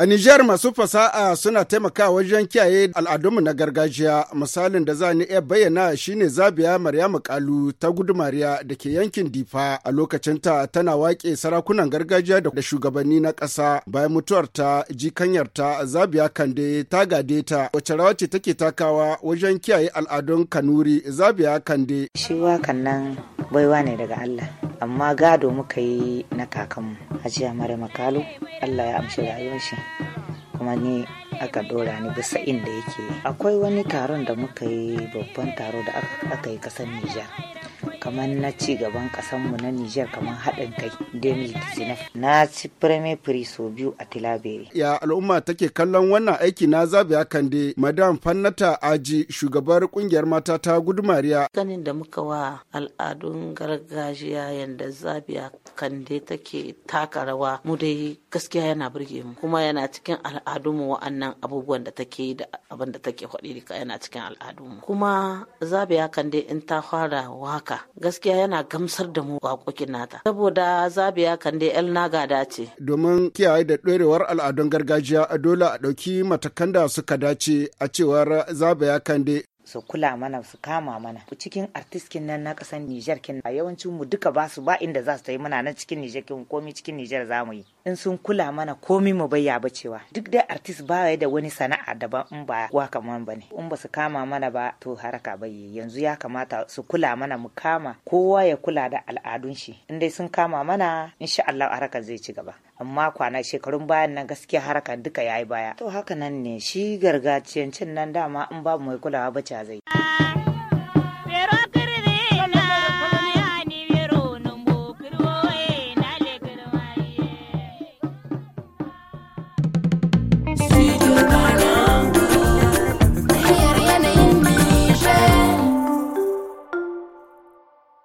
A Nijar masu fasaha suna taimakawa wajen kiyaye al'adunmu na gargajiya. Misalin da za ni iya bayyana shine Zabiya Maryamu Kalu ta gudumariya da ke yankin Difa a lokacin ta tana waƙe sarakunan gargajiya da shugabanni na ƙasa bayan mutuwar ta mutuwarta ta Zabiya Kande ta gade ta wace rawa ce take takawa wajen kiyaye al'adun Kanuri Zabiya Kande. Shi wakan nan baiwa ne daga Allah. amma gado muka yi na kakanmu hajiya mara makalu allah ya amshi rayuwar shi kuma ni aka dora ni bisa inda yake akwai wani taron da muka yi babban taro da aka yi kasar nijar kamar na ci gaban mu na Nijar kamar haɗin kai 2019 na ci Premier Prix sau biyu a Tilabere. Ya al'umma take kallon wannan aiki na zabiya kande Madam Fannata Aji shugabar kungiyar mata ta gudumariya. kanin da muka wa al'adun gargajiya yadda zabiya kande take taka rawa mu dai gaskiya yana burge mu kuma yana cikin al'adunmu wa'annan abubuwan da take yi da abin da take faɗi yana cikin al'adunmu. Kuma zabiya kande in ta fara waka gaskiya yana gamsar da mu waƙoƙin nata saboda zabiya kan dai el ce domin kiyaye da ɗorewar al'adun gargajiya dole a ɗauki matakan da suka dace a cewar zabiya kan dai su kula mana su kama mana cikin artiskin nan na kasan Nijar kin yawancin mu duka ba su ba inda za su ta yi muna nan cikin Nijar kin komi cikin Nijar za mu yi in sun kula mana komi mu bai ba cewa duk dai artist ba da wani sana'a daban in ba wa kaman bane in ba su kama mana ba to haraka bai yanzu ya kamata su kula mana mu kama kowa ya kula da al'adun shi in dai sun kama mana insha Allah harakan zai ci gaba amma kwana shekarun bayan nan gaskiya harakan duka yayi baya to haka nan ne shi gargajiyancin nan dama in babu mai kulawa ba आ जाइए